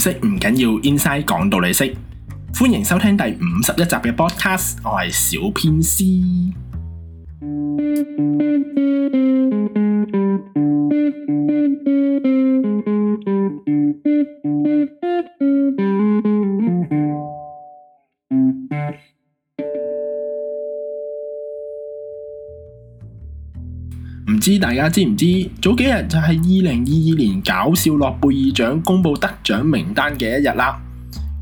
識唔緊要，Inside 講道理識。歡迎收聽第五十一集嘅 Podcast，我係小偏師。 唔知大家知唔知？早幾日就係二零二二年搞笑諾貝爾獎公布得獎名單嘅一日啦。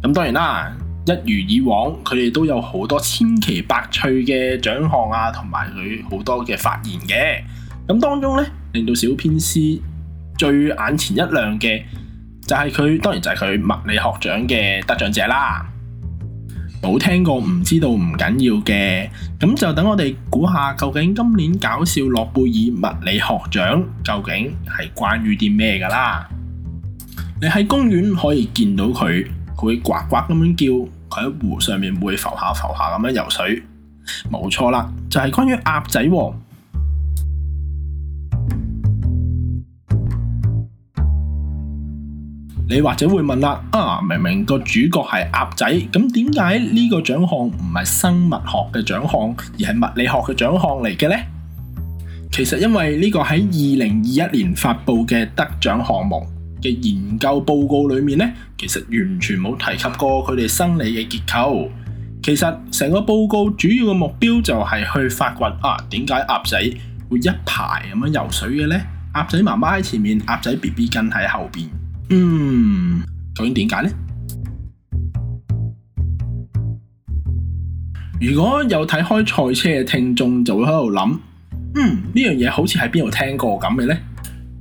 咁當然啦，一如以往，佢哋都有好多千奇百趣嘅獎項啊，同埋佢好多嘅發言嘅。咁當中呢，令到小編思最眼前一亮嘅就係佢，當然就係佢物理學獎嘅得獎者啦。冇聽過唔知道唔緊要嘅，咁就等我哋估下究竟今年搞笑諾貝爾物理學獎究竟係關於啲咩㗎啦？你喺公園可以見到佢，佢呱呱咁樣叫，佢喺湖上面會浮下浮下咁樣游水，冇錯啦，就係、是、關於鴨仔王、喎。你或者會問啦，啊，明明個主角係鴨仔，咁點解呢個獎項唔係生物學嘅獎項，而係物理學嘅獎項嚟嘅呢？其實因為呢個喺二零二一年發布嘅得獎項目嘅研究報告裏面呢，其實完全冇提及過佢哋生理嘅結構。其實成個報告主要嘅目標就係去發掘啊，點解鴨仔會一排咁樣游水嘅呢？鴨仔媽媽喺前面，鴨仔 BB 跟喺後邊。嗯，究竟點解呢？如果有睇開賽車嘅聽眾就會喺度諗，「嗯，呢樣嘢好似喺邊度聽過咁嘅呢。」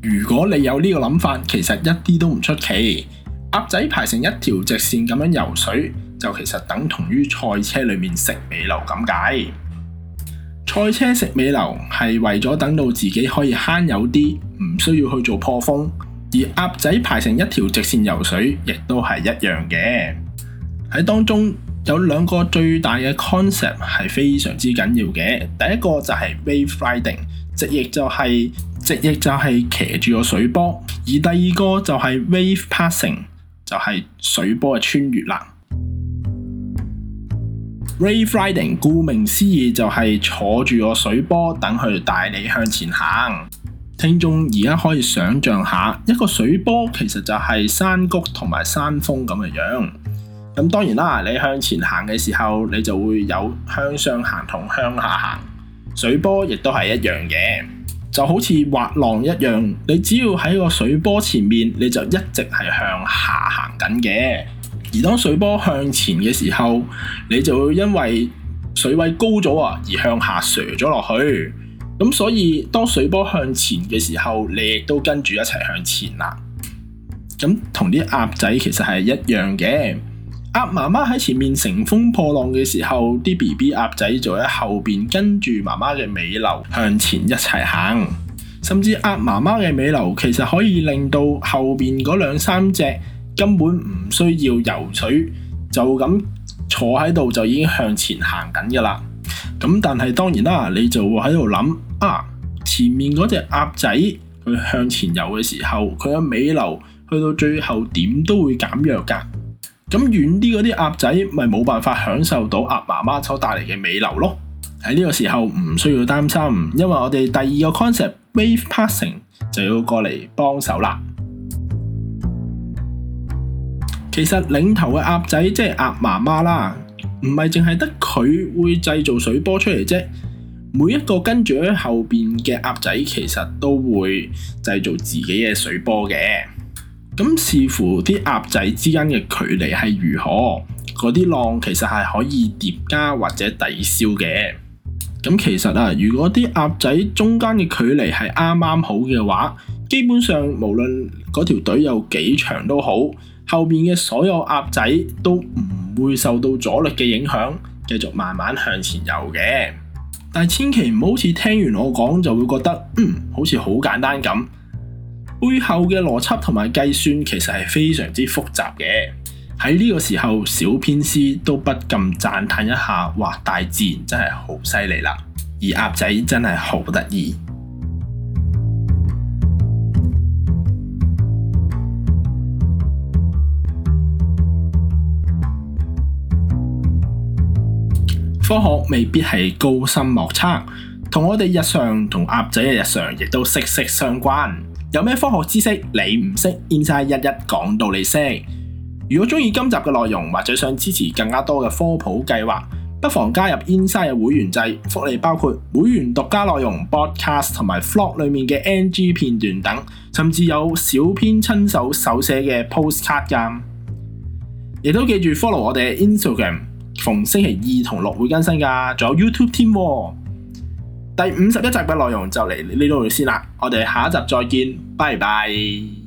如果你有呢個諗法，其實一啲都唔出奇。鴨仔排成一條直線咁樣游水，就其實等同於賽車裏面食尾流咁解。賽車食尾流係為咗等到自己可以慳油啲，唔需要去做破風。而鴨仔排成一條直線游水，亦都係一樣嘅。喺當中有兩個最大嘅 concept 係非常之緊要嘅。第一個就係 wave riding，直譯就係、是、直譯就係騎住個水波；而第二個就係 wave passing，就係水波嘅穿越啦。Wave riding 顧名思義就係坐住個水波，等佢帶你向前行。聽眾而家可以想像下一個水波其實就係山谷同埋山峰咁嘅樣。咁當然啦，你向前行嘅時候，你就會有向上行同向下行。水波亦都係一樣嘅，就好似滑浪一樣。你只要喺個水波前面，你就一直係向下行緊嘅。而當水波向前嘅時候，你就會因為水位高咗啊，而向下垂咗落去。咁所以，當水波向前嘅時候，你亦都跟住一齊向前啦。咁同啲鴨仔其實係一樣嘅。鴨媽媽喺前面乘風破浪嘅時候，啲 BB 鴨仔就喺後邊跟住媽媽嘅尾流向前一齊行。甚至鴨媽媽嘅尾流其實可以令到後邊嗰兩三隻根本唔需要游水，就咁坐喺度就已經向前行緊㗎啦。咁但係當然啦，你就會喺度諗啊，前面嗰隻鴨仔佢向前遊嘅時候，佢嘅尾流去到最後點都會減弱㗎。咁遠啲嗰啲鴨仔咪冇辦法享受到鴨媽媽所帶嚟嘅尾流咯。喺呢個時候唔需要擔心，因為我哋第二個 concept Wave Passing 就要過嚟幫手啦。其實領頭嘅鴨仔即係鴨媽媽啦。唔係淨係得佢會製造水波出嚟啫，每一個跟住喺後邊嘅鴨仔其實都會製造自己嘅水波嘅。咁視乎啲鴨仔之間嘅距離係如何，嗰啲浪其實係可以疊加或者抵消嘅。咁其實啊，如果啲鴨仔中間嘅距離係啱啱好嘅話，基本上無論嗰條隊有幾長都好，後邊嘅所有鴨仔都唔會受到阻力嘅影響，繼續慢慢向前游嘅。但千祈唔好似聽完我講就會覺得，嗯，好似好簡單咁。背後嘅邏輯同埋計算其實係非常之複雜嘅。喺呢個時候，小編師都不禁讚嘆一下：哇！大自然真係好犀利啦，而鴨仔真係好得意。科學未必係高深莫測，同我哋日常同鴨仔嘅日常亦都息息相關。有咩科學知識你唔識，Insight 一一講到你識。如果中意今集嘅內容，或者想支持更加多嘅科普計劃，不妨加入 Insight 嘅會員制，福利包括會員獨家內容、Podcast 同埋 Vlog 裏面嘅 NG 片段等，甚至有小編親手手寫嘅 postcard 噶。亦都記住 follow 我哋嘅 Instagram。從星期二同六會更新㗎，仲有 YouTube 添喎。第五十一集嘅內容就嚟呢度先啦，我哋下一集再見，拜拜。